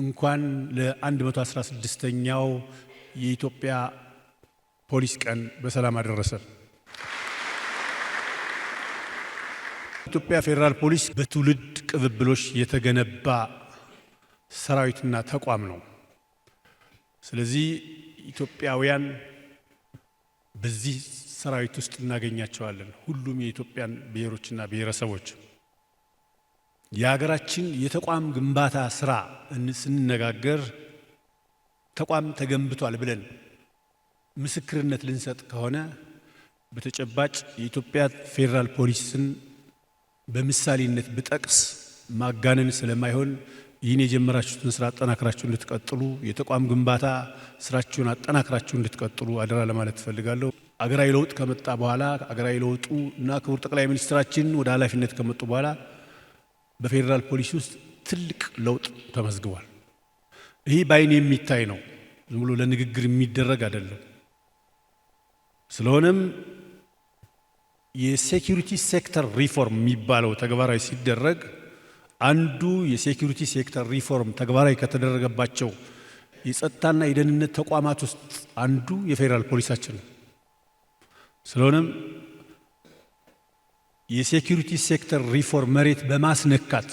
እንኳን ለ116ኛው የኢትዮጵያ ፖሊስ ቀን በሰላም አደረሰ። ኢትዮጵያ ፌዴራል ፖሊስ በትውልድ ቅብብሎች የተገነባ ሰራዊትና ተቋም ነው። ስለዚህ ኢትዮጵያውያን በዚህ ሰራዊት ውስጥ እናገኛቸዋለን። ሁሉም የኢትዮጵያን ብሔሮችና ብሔረሰቦች የሀገራችን የተቋም ግንባታ ስራ ስንነጋገር ተቋም ተገንብቷል ብለን ምስክርነት ልንሰጥ ከሆነ በተጨባጭ የኢትዮጵያ ፌዴራል ፖሊስን በምሳሌነት ብጠቅስ ማጋነን ስለማይሆን ይህን የጀመራችሁትን ስራ አጠናክራችሁ እንድትቀጥሉ የተቋም ግንባታ ስራችሁን አጠናክራችሁ እንድትቀጥሉ አደራ ለማለት ትፈልጋለሁ አገራዊ ለውጥ ከመጣ በኋላ አገራዊ ለውጡ እና ክቡር ጠቅላይ ሚኒስትራችን ወደ ኃላፊነት ከመጡ በኋላ በፌዴራል ፖሊሲ ውስጥ ትልቅ ለውጥ ተመዝግቧል። ይህ በአይን የሚታይ ነው፣ ዝም ብሎ ለንግግር የሚደረግ አይደለም። ስለሆነም የሴኪሪቲ ሴክተር ሪፎርም የሚባለው ተግባራዊ ሲደረግ አንዱ የሴኪሪቲ ሴክተር ሪፎርም ተግባራዊ ከተደረገባቸው የጸጥታና የደህንነት ተቋማት ውስጥ አንዱ የፌዴራል ፖሊሳችን ነው። ስለሆነም የሴኪሪቲ ሴክተር ሪፎርም መሬት በማስነካት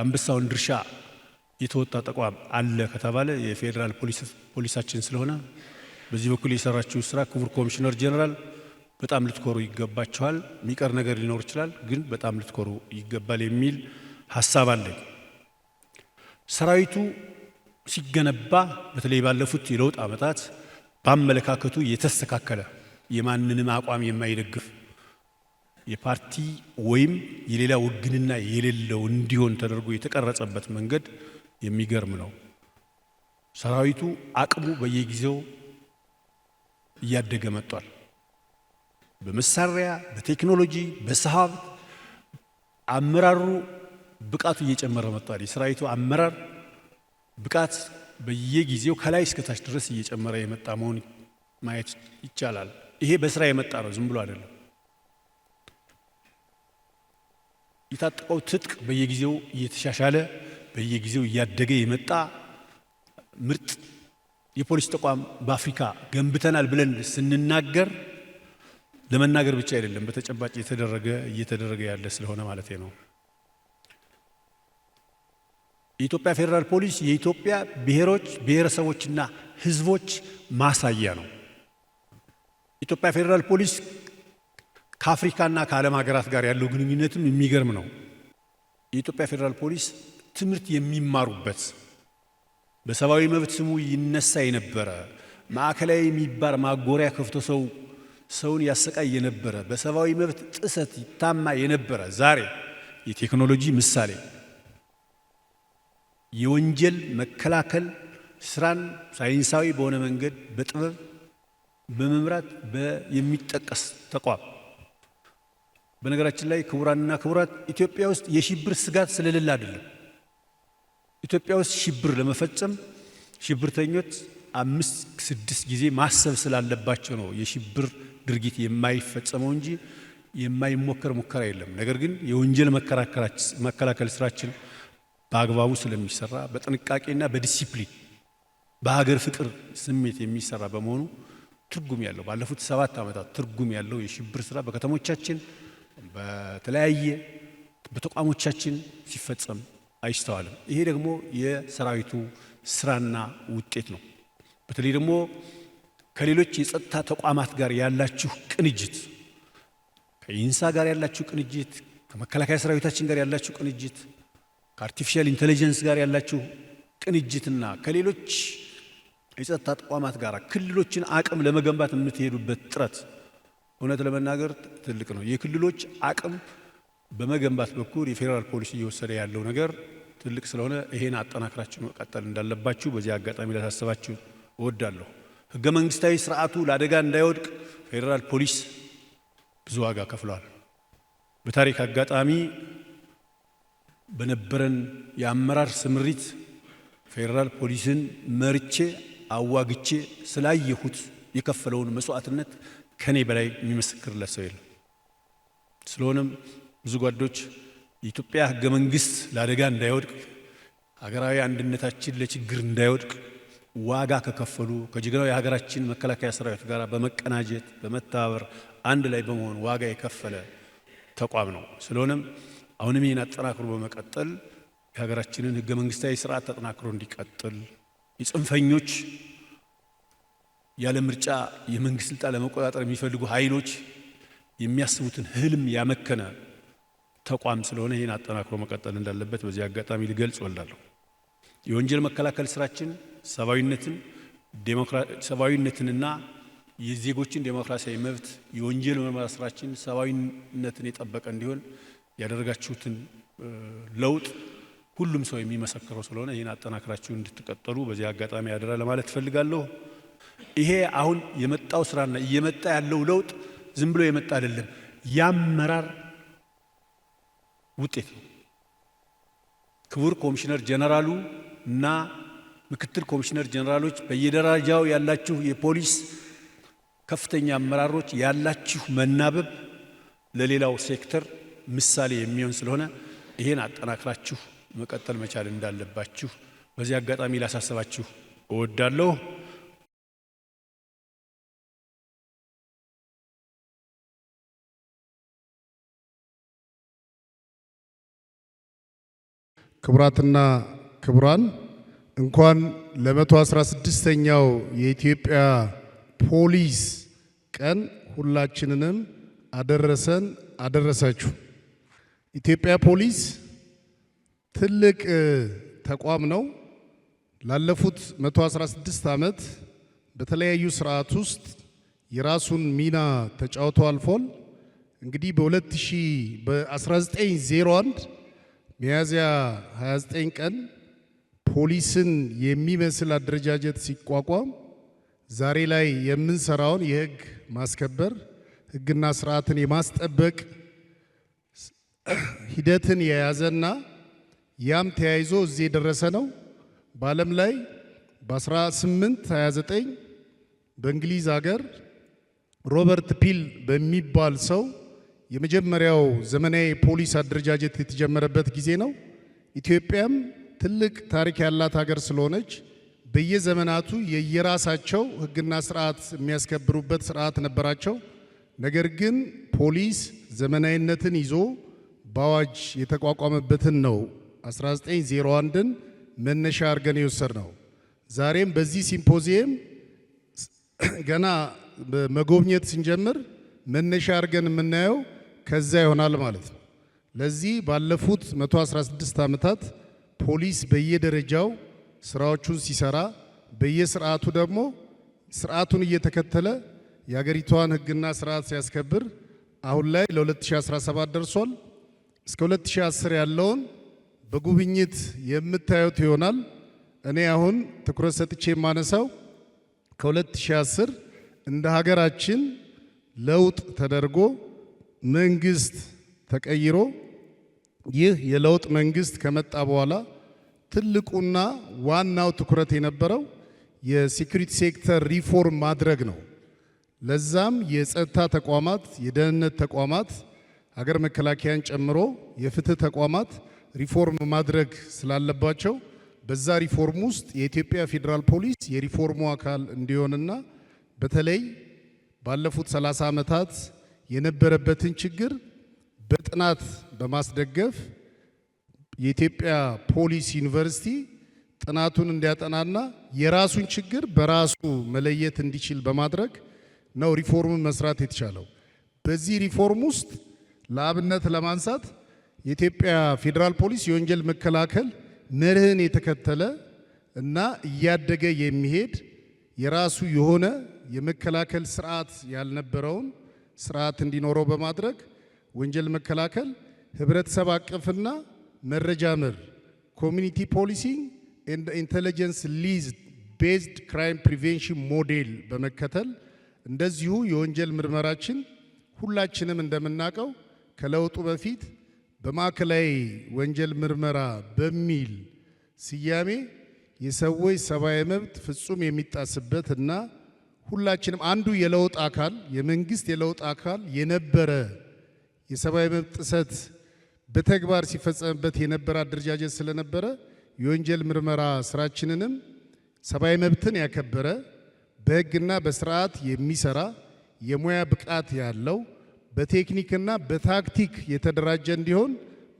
አንበሳውን ድርሻ የተወጣ ተቋም አለ ከተባለ የፌዴራል ፖሊሳችን ስለሆነ በዚህ በኩል የሰራችው ስራ ክቡር ኮሚሽነር ጀኔራል በጣም ልትኮሩ ይገባችኋል። የሚቀር ነገር ሊኖር ይችላል፣ ግን በጣም ልትኮሩ ይገባል የሚል ሀሳብ አለ። ሰራዊቱ ሲገነባ በተለይ ባለፉት የለውጥ ዓመታት በአመለካከቱ የተስተካከለ የማንንም አቋም የማይደግፍ የፓርቲ ወይም የሌላ ውግንና የሌለው እንዲሆን ተደርጎ የተቀረጸበት መንገድ የሚገርም ነው። ሰራዊቱ አቅሙ በየጊዜው እያደገ መጥቷል። በመሳሪያ፣ በቴክኖሎጂ፣ በሰሃብ አመራሩ ብቃቱ እየጨመረ መጥቷል። የሰራዊቱ አመራር ብቃት በየጊዜው ከላይ እስከታች ድረስ እየጨመረ የመጣ መሆን ማየት ይቻላል። ይሄ በስራ የመጣ ነው፣ ዝም ብሎ አይደለም። የታጠቀው ትጥቅ በየጊዜው እየተሻሻለ በየጊዜው እያደገ የመጣ ምርጥ የፖሊስ ተቋም በአፍሪካ ገንብተናል ብለን ስንናገር ለመናገር ብቻ አይደለም፣ በተጨባጭ የተደረገ እየተደረገ ያለ ስለሆነ ማለት ነው። የኢትዮጵያ ፌዴራል ፖሊስ የኢትዮጵያ ብሔሮች ብሔረሰቦችና ሕዝቦች ማሳያ ነው። ኢትዮጵያ ፌዴራል ፖሊስ ከአፍሪካና ከዓለም ሀገራት ጋር ያለው ግንኙነትም የሚገርም ነው። የኢትዮጵያ ፌዴራል ፖሊስ ትምህርት የሚማሩበት በሰብአዊ መብት ስሙ ይነሳ የነበረ ማዕከላዊ የሚባል ማጎሪያ ከፍቶ ሰው ሰውን ያሰቃይ የነበረ በሰብአዊ መብት ጥሰት ይታማ የነበረ ዛሬ የቴክኖሎጂ ምሳሌ የወንጀል መከላከል ስራን ሳይንሳዊ በሆነ መንገድ በጥበብ በመምራት የሚጠቀስ ተቋም በነገራችን ላይ ክቡራንና ክቡራት ኢትዮጵያ ውስጥ የሽብር ስጋት ስለሌለ አይደለም። ኢትዮጵያ ውስጥ ሽብር ለመፈጸም ሽብርተኞች አምስት ስድስት ጊዜ ማሰብ ስላለባቸው ነው የሽብር ድርጊት የማይፈጸመው እንጂ የማይሞከር ሙከራ የለም። ነገር ግን የወንጀል መከላከል ስራችን በአግባቡ ስለሚሰራ በጥንቃቄና በዲሲፕሊን በሀገር ፍቅር ስሜት የሚሰራ በመሆኑ ትርጉም ያለው ባለፉት ሰባት ዓመታት ትርጉም ያለው የሽብር ስራ በከተሞቻችን በተለያየ በተቋሞቻችን ሲፈጸም አይስተዋልም። ይሄ ደግሞ የሰራዊቱ ስራና ውጤት ነው። በተለይ ደግሞ ከሌሎች የጸጥታ ተቋማት ጋር ያላችሁ ቅንጅት፣ ከኢንሳ ጋር ያላችሁ ቅንጅት፣ ከመከላከያ ሰራዊታችን ጋር ያላችሁ ቅንጅት፣ ከአርቲፊሻል ኢንቴሊጀንስ ጋር ያላችሁ ቅንጅትና ከሌሎች የጸጥታ ተቋማት ጋር ክልሎችን አቅም ለመገንባት የምትሄዱበት ጥረት እውነት ለመናገር ትልቅ ነው። የክልሎች አቅም በመገንባት በኩል የፌዴራል ፖሊስ እየወሰደ ያለው ነገር ትልቅ ስለሆነ ይሄን አጠናክራችሁ መቀጠል እንዳለባችሁ በዚህ አጋጣሚ ላሳስባችሁ እወዳለሁ። ህገ መንግስታዊ ስርዓቱ ለአደጋ እንዳይወድቅ ፌዴራል ፖሊስ ብዙ ዋጋ ከፍሏል። በታሪክ አጋጣሚ በነበረን የአመራር ስምሪት ፌዴራል ፖሊስን መርቼ አዋግቼ ስላየሁት የከፈለውን መስዋዕትነት ከኔ በላይ የሚመሰክርለት ሰው የለም። ስለሆነም ብዙ ጓዶች የኢትዮጵያ ህገ መንግስት ለአደጋ እንዳይወድቅ ሀገራዊ አንድነታችን ለችግር እንዳይወድቅ ዋጋ ከከፈሉ ከጀግናው የሀገራችን መከላከያ ሰራዊት ጋር በመቀናጀት በመተባበር አንድ ላይ በመሆን ዋጋ የከፈለ ተቋም ነው። ስለሆነም አሁንም ይህን አጠናክሮ በመቀጠል የሀገራችንን ህገ መንግስታዊ ስርዓት ተጠናክሮ እንዲቀጥል የጽንፈኞች ያለ ምርጫ የመንግስት ስልጣን ለመቆጣጠር የሚፈልጉ ኃይሎች የሚያስቡትን ህልም ያመከነ ተቋም ስለሆነ ይህን አጠናክሮ መቀጠል እንዳለበት በዚህ አጋጣሚ ልገልጽ ወላለሁ። የወንጀል መከላከል ስራችን ሰብአዊነትን ሰብአዊነትንና የዜጎችን ዴሞክራሲያዊ መብት የወንጀል ምርመራ ስራችን ሰብአዊነትን የጠበቀ እንዲሆን ያደረጋችሁትን ለውጥ ሁሉም ሰው የሚመሰክረው ስለሆነ ይህን አጠናክራችሁ እንድትቀጠሉ በዚህ አጋጣሚ ያደራ ለማለት እፈልጋለሁ። ይሄ አሁን የመጣው ስራና እየመጣ ያለው ለውጥ ዝም ብሎ የመጣ አይደለም። የአመራር ውጤት ነው። ክቡር ኮሚሽነር ጀነራሉ እና ምክትል ኮሚሽነር ጀነራሎች፣ በየደረጃው ያላችሁ የፖሊስ ከፍተኛ አመራሮች ያላችሁ መናበብ ለሌላው ሴክተር ምሳሌ የሚሆን ስለሆነ ይሄን አጠናክራችሁ መቀጠል መቻል እንዳለባችሁ በዚህ አጋጣሚ ላሳሰባችሁ እወዳለሁ። ክቡራትና ክቡራን እንኳን ለ116ኛው የኢትዮጵያ ፖሊስ ቀን ሁላችንንም አደረሰን አደረሳችሁ። ኢትዮጵያ ፖሊስ ትልቅ ተቋም ነው። ላለፉት 116 ዓመት በተለያዩ ስርዓት ውስጥ የራሱን ሚና ተጫውቶ አልፏል። እንግዲህ በ2000 ሚያዝያ 29 ቀን ፖሊስን የሚመስል አደረጃጀት ሲቋቋም ዛሬ ላይ የምንሰራውን የህግ ማስከበር ህግና ስርዓትን የማስጠበቅ ሂደትን የያዘና ያም ተያይዞ እዚህ የደረሰ ነው። በዓለም ላይ በ1829 በእንግሊዝ ሀገር ሮበርት ፒል በሚባል ሰው የመጀመሪያው ዘመናዊ ፖሊስ አደረጃጀት የተጀመረበት ጊዜ ነው። ኢትዮጵያም ትልቅ ታሪክ ያላት ሀገር ስለሆነች በየዘመናቱ የየራሳቸው ሕግና ስርዓት የሚያስከብሩበት ስርዓት ነበራቸው። ነገር ግን ፖሊስ ዘመናዊነትን ይዞ በአዋጅ የተቋቋመበትን ነው 1901ን መነሻ አድርገን የወሰድ ነው። ዛሬም በዚህ ሲምፖዚየም ገና መጎብኘት ስንጀምር መነሻ አድርገን የምናየው ከዚያ ይሆናል ማለት ነው። ለዚህ ባለፉት 116 ዓመታት ፖሊስ በየደረጃው ስራዎቹን ሲሰራ በየስርዓቱ ደግሞ ስርዓቱን እየተከተለ የአገሪቷን ህግና ስርዓት ሲያስከብር አሁን ላይ ለ2017 ደርሷል። እስከ 2010 ያለውን በጉብኝት የምታዩት ይሆናል። እኔ አሁን ትኩረት ሰጥቼ የማነሳው ከ2010 እንደ ሀገራችን ለውጥ ተደርጎ መንግስት ተቀይሮ ይህ የለውጥ መንግስት ከመጣ በኋላ ትልቁና ዋናው ትኩረት የነበረው የሴኩሪቲ ሴክተር ሪፎርም ማድረግ ነው። ለዛም የጸጥታ ተቋማት፣ የደህንነት ተቋማት፣ ሀገር መከላከያን ጨምሮ የፍትህ ተቋማት ሪፎርም ማድረግ ስላለባቸው በዛ ሪፎርም ውስጥ የኢትዮጵያ ፌዴራል ፖሊስ የሪፎርሙ አካል እንዲሆንና በተለይ ባለፉት 30 ዓመታት የነበረበትን ችግር በጥናት በማስደገፍ የኢትዮጵያ ፖሊስ ዩኒቨርሲቲ ጥናቱን እንዲያጠናና የራሱን ችግር በራሱ መለየት እንዲችል በማድረግ ነው ሪፎርምን መስራት የተቻለው። በዚህ ሪፎርም ውስጥ ለአብነት ለማንሳት የኢትዮጵያ ፌዴራል ፖሊስ የወንጀል መከላከል መርህን የተከተለ እና እያደገ የሚሄድ የራሱ የሆነ የመከላከል ስርዓት ያልነበረውን ስርዓት እንዲኖረው በማድረግ ወንጀል መከላከል ህብረተሰብ አቀፍና መረጃ ምር ኮሚኒቲ ፖሊሲ ኢንቴሊጀንስ ሊዝ ቤዝድ ክራይም ፕሪቬንሽን ሞዴል በመከተል እንደዚሁ የወንጀል ምርመራችን ሁላችንም እንደምናውቀው ከለውጡ በፊት በማዕከላዊ ወንጀል ምርመራ በሚል ስያሜ የሰዎች ሰብአዊ መብት ፍጹም የሚጣስበት እና ሁላችንም አንዱ የለውጥ አካል የመንግስት የለውጥ አካል የነበረ የሰብአዊ መብት ጥሰት በተግባር ሲፈጸምበት የነበረ አደረጃጀት ስለነበረ የወንጀል ምርመራ ስራችንንም ሰብአዊ መብትን ያከበረ በህግና በስርዓት የሚሰራ የሙያ ብቃት ያለው በቴክኒክና በታክቲክ የተደራጀ እንዲሆን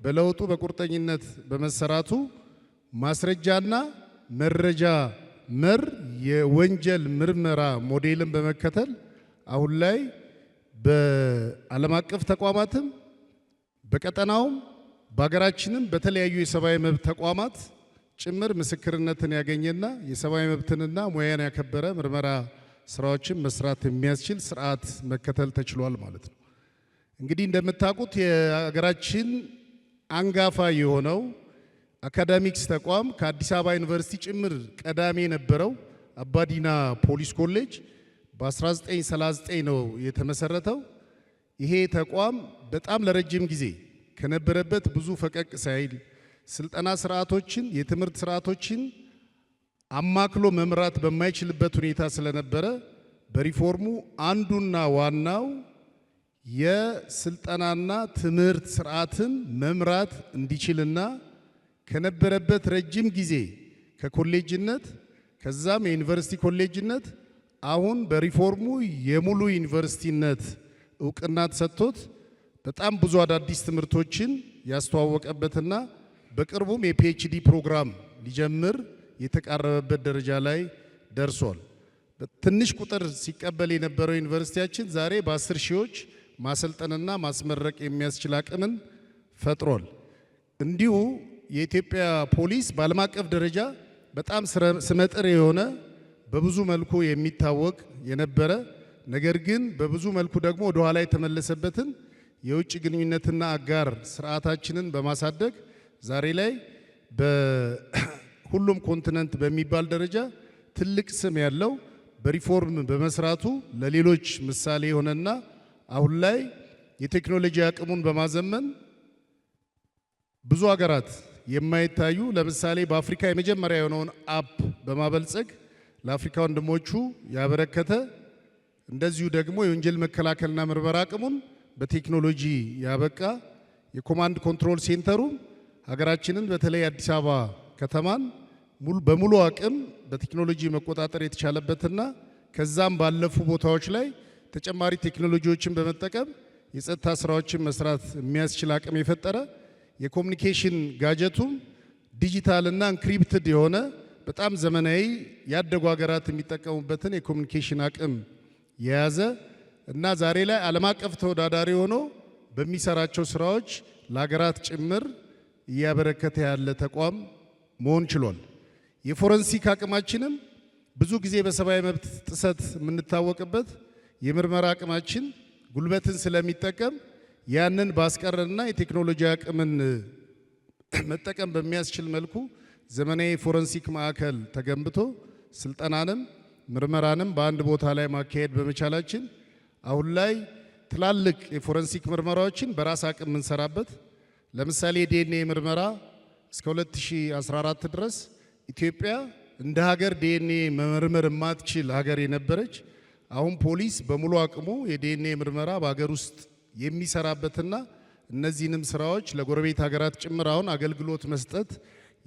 በለውጡ በቁርጠኝነት በመሰራቱ ማስረጃና መረጃ መር የወንጀል ምርመራ ሞዴልን በመከተል አሁን ላይ በዓለም አቀፍ ተቋማትም በቀጠናውም በሀገራችንም በተለያዩ የሰብአዊ መብት ተቋማት ጭምር ምስክርነትን ያገኘና የሰብአዊ መብትንና ሙያን ያከበረ ምርመራ ስራዎችን መስራት የሚያስችል ስርዓት መከተል ተችሏል ማለት ነው። እንግዲህ እንደምታውቁት የሀገራችን አንጋፋ የሆነው አካዳሚክስ ተቋም ከአዲስ አበባ ዩኒቨርሲቲ ጭምር ቀዳሚ የነበረው አባዲና ፖሊስ ኮሌጅ በ1939 ነው የተመሰረተው። ይሄ ተቋም በጣም ለረጅም ጊዜ ከነበረበት ብዙ ፈቀቅ ሳይል ስልጠና ስርዓቶችን፣ የትምህርት ስርዓቶችን አማክሎ መምራት በማይችልበት ሁኔታ ስለነበረ በሪፎርሙ አንዱና ዋናው የስልጠናና ትምህርት ስርዓትን መምራት እንዲችልና ከነበረበት ረጅም ጊዜ ከኮሌጅነት ከዛም የዩኒቨርሲቲ ኮሌጅነት አሁን በሪፎርሙ የሙሉ ዩኒቨርሲቲነት እውቅና ተሰጥቶት በጣም ብዙ አዳዲስ ትምህርቶችን ያስተዋወቀበትና በቅርቡም የፒኤችዲ ፕሮግራም ሊጀምር የተቃረበበት ደረጃ ላይ ደርሷል። ትንሽ ቁጥር ሲቀበል የነበረው ዩኒቨርሲቲያችን ዛሬ በአስር ሺዎች ማሰልጠንና ማስመረቅ የሚያስችል አቅምን ፈጥሯል። እንዲሁ የኢትዮጵያ ፖሊስ በዓለም አቀፍ ደረጃ በጣም ስመጥር የሆነ በብዙ መልኩ የሚታወቅ የነበረ ነገር ግን በብዙ መልኩ ደግሞ ወደ ኋላ የተመለሰበትን የውጭ ግንኙነትና አጋር ስርዓታችንን በማሳደግ ዛሬ ላይ በሁሉም ኮንቲነንት በሚባል ደረጃ ትልቅ ስም ያለው በሪፎርም በመስራቱ ለሌሎች ምሳሌ የሆነና አሁን ላይ የቴክኖሎጂ አቅሙን በማዘመን ብዙ ሀገራት የማይታዩ ለምሳሌ በአፍሪካ የመጀመሪያ የሆነውን አፕ በማበልጸግ ለአፍሪካ ወንድሞቹ ያበረከተ እንደዚሁ ደግሞ የወንጀል መከላከልና ምርመራ አቅሙን በቴክኖሎጂ ያበቃ የኮማንድ ኮንትሮል ሴንተሩ ሀገራችንን በተለይ አዲስ አበባ ከተማን በሙሉ አቅም በቴክኖሎጂ መቆጣጠር የተቻለበትና ከዛም ባለፉ ቦታዎች ላይ ተጨማሪ ቴክኖሎጂዎችን በመጠቀም የጸጥታ ስራዎችን መስራት የሚያስችል አቅም የፈጠረ የኮሚኒኬሽን ጋጀቱም እና ኢንክሪፕትድ የሆነ በጣም ዘመናዊ ያደጉ ሀገራት የሚጠቀሙበትን የኮሚኒኬሽን አቅም የያዘ እና ዛሬ ላይ ዓለም አቀፍ ተወዳዳሪ ሆኖ በሚሰራቸው ስራዎች ለሀገራት ጭምር እያበረከተ ያለ ተቋም መሆን ችሏል። የፎረንሲክ አቅማችንም ብዙ ጊዜ በሰብአዊ መብት ጥሰት የምንታወቅበት የምርመራ አቅማችን ጉልበትን ስለሚጠቀም ያንን ባስቀረና የቴክኖሎጂ አቅምን መጠቀም በሚያስችል መልኩ ዘመናዊ ፎረንሲክ ማዕከል ተገንብቶ ስልጠናንም ምርመራንም በአንድ ቦታ ላይ ማካሄድ በመቻላችን አሁን ላይ ትላልቅ የፎረንሲክ ምርመራዎችን በራስ አቅም የምንሰራበት ለምሳሌ ዲኤንኤ ምርመራ እስከ 2014 ድረስ ኢትዮጵያ እንደ ሀገር ዲኤንኤ መመርመር የማትችል ሀገር የነበረች አሁን ፖሊስ በሙሉ አቅሙ የዲኤንኤ ምርመራ በሀገር ውስጥ የሚሰራበትና እነዚህንም ስራዎች ለጎረቤት ሀገራት ጭምር አሁን አገልግሎት መስጠት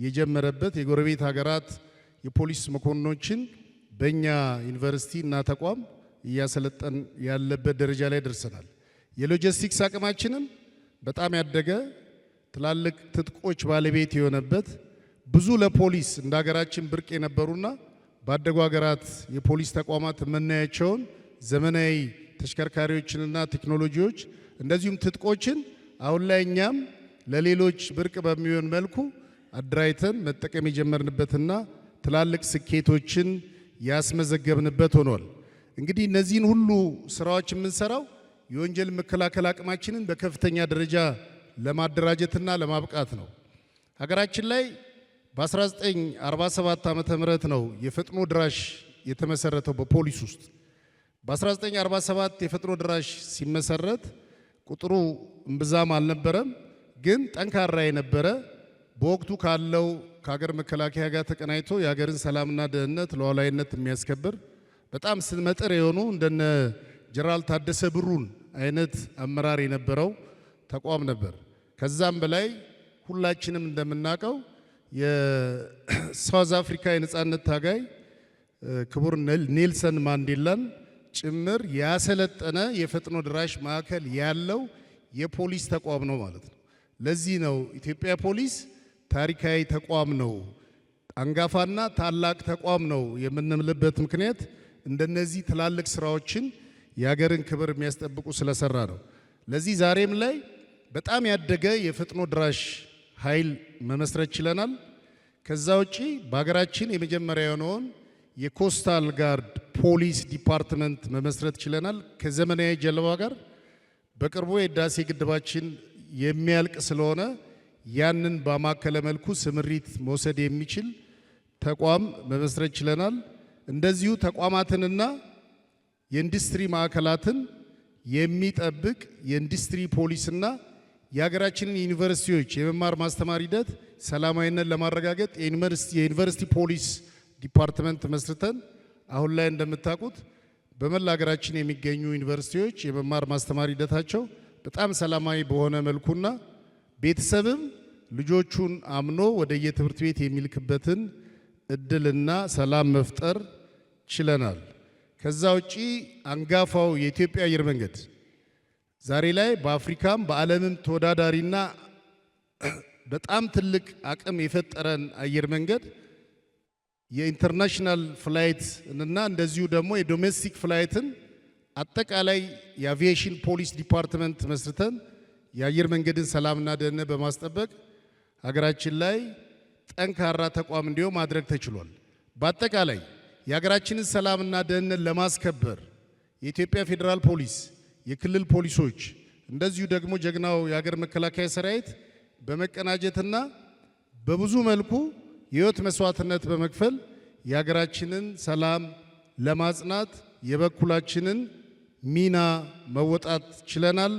የጀመረበት የጎረቤት ሀገራት የፖሊስ መኮንኖችን በእኛ ዩኒቨርሲቲ እና ተቋም እያሰለጠን ያለበት ደረጃ ላይ ደርሰናል። የሎጂስቲክስ አቅማችንም በጣም ያደገ ትላልቅ ትጥቆች ባለቤት የሆነበት ብዙ ለፖሊስ እንደ ሀገራችን ብርቅ የነበሩና ባደጉ ሀገራት የፖሊስ ተቋማት የምናያቸውን ዘመናዊ ተሽከርካሪዎችንና ቴክኖሎጂዎች እንደዚሁም ትጥቆችን አሁን ላይ እኛም ለሌሎች ብርቅ በሚሆን መልኩ አድራይተን መጠቀም የጀመርንበትና ትላልቅ ስኬቶችን ያስመዘገብንበት ሆኗል። እንግዲህ እነዚህን ሁሉ ስራዎች የምንሰራው የወንጀል መከላከል አቅማችንን በከፍተኛ ደረጃ ለማደራጀትና ለማብቃት ነው። ሀገራችን ላይ በ1947 ም ነው የፈጥኖ ድራሽ የተመሰረተው በፖሊስ ውስጥ በ1947 የፈጥኖ ድራሽ ሲመሰረት ቁጥሩ እምብዛም አልነበረም፣ ግን ጠንካራ የነበረ በወቅቱ ካለው ከሀገር መከላከያ ጋር ተቀናይቶ የሀገርን ሰላምና ደህንነት ሉዓላዊነት የሚያስከብር በጣም ስመጥር የሆኑ እንደነ ጀነራል ታደሰ ብሩን አይነት አመራር የነበረው ተቋም ነበር። ከዛም በላይ ሁላችንም እንደምናውቀው የሳውዝ አፍሪካ የነፃነት ታጋይ ክቡር ኔልሰን ማንዴላን ጭምር ያሰለጠነ የፈጥኖ ድራሽ ማዕከል ያለው የፖሊስ ተቋም ነው ማለት ነው። ለዚህ ነው ኢትዮጵያ ፖሊስ ታሪካዊ ተቋም ነው፣ አንጋፋና ታላቅ ተቋም ነው የምንምልበት ምክንያት እንደነዚህ ትላልቅ ስራዎችን የሀገርን ክብር የሚያስጠብቁ ስለሰራ ነው። ለዚህ ዛሬም ላይ በጣም ያደገ የፈጥኖ ድራሽ ኃይል መመስረት ችለናል። ከዛ ውጪ በሀገራችን የመጀመሪያ የሆነውን የኮስታል ጋርድ ፖሊስ ዲፓርትመንት መመስረት ችለናል። ከዘመናዊ ጀልባ ጋር በቅርቡ የህዳሴ ግድባችን የሚያልቅ ስለሆነ ያንን በማከለ መልኩ ስምሪት መውሰድ የሚችል ተቋም መመስረት ችለናል። እንደዚሁ ተቋማትንና የኢንዱስትሪ ማዕከላትን የሚጠብቅ የኢንዱስትሪ ፖሊስና የሀገራችንን ዩኒቨርሲቲዎች የመማር ማስተማር ሂደት ሰላማዊነት ለማረጋገጥ የዩኒቨርሲቲ ፖሊስ ዲፓርትመንት መስርተን አሁን ላይ እንደምታውቁት በመላ ሀገራችን የሚገኙ ዩኒቨርሲቲዎች የመማር ማስተማር ሂደታቸው በጣም ሰላማዊ በሆነ መልኩና ቤተሰብም ልጆቹን አምኖ የትምህርት ቤት የሚልክበትን እድልና ሰላም መፍጠር ችለናል። ከዛ ውጪ አንጋፋው የኢትዮጵያ አየር መንገድ ዛሬ ላይ በአፍሪካም በዓለምም ተወዳዳሪና በጣም ትልቅ አቅም የፈጠረን አየር መንገድ የኢንተርናሽናል ፍላይት እና እንደዚሁ ደግሞ የዶሜስቲክ ፍላይትን አጠቃላይ የአቪዬሽን ፖሊስ ዲፓርትመንት መስርተን የአየር መንገድን ሰላምና ደህንነት በማስጠበቅ ሀገራችን ላይ ጠንካራ ተቋም እንዲሆን ማድረግ ተችሏል። በአጠቃላይ የሀገራችንን ሰላምና ደህንነት ለማስከበር የኢትዮጵያ ፌዴራል ፖሊስ፣ የክልል ፖሊሶች እንደዚሁ ደግሞ ጀግናው የሀገር መከላከያ ሰራዊት በመቀናጀትና በብዙ መልኩ የህይወት መስዋዕትነት በመክፈል የሀገራችንን ሰላም ለማጽናት የበኩላችንን ሚና መወጣት ችለናል።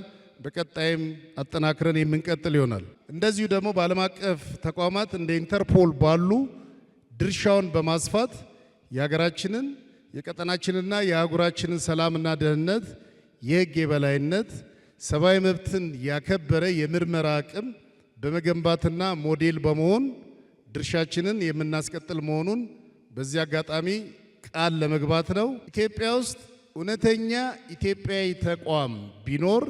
በቀጣይም አጠናክረን የምንቀጥል ይሆናል። እንደዚሁ ደግሞ በዓለም አቀፍ ተቋማት እንደ ኢንተርፖል ባሉ ድርሻውን በማስፋት የሀገራችንን የቀጠናችንና የአህጉራችንን ሰላምና ደህንነት፣ የህግ የበላይነት፣ ሰብአዊ መብትን ያከበረ የምርመራ አቅም በመገንባትና ሞዴል በመሆን ድርሻችንን የምናስቀጥል መሆኑን በዚህ አጋጣሚ ቃል ለመግባት ነው። ኢትዮጵያ ውስጥ እውነተኛ ኢትዮጵያዊ ተቋም ቢኖር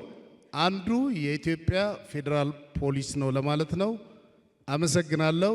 አንዱ የኢትዮጵያ ፌዴራል ፖሊስ ነው ለማለት ነው። አመሰግናለሁ።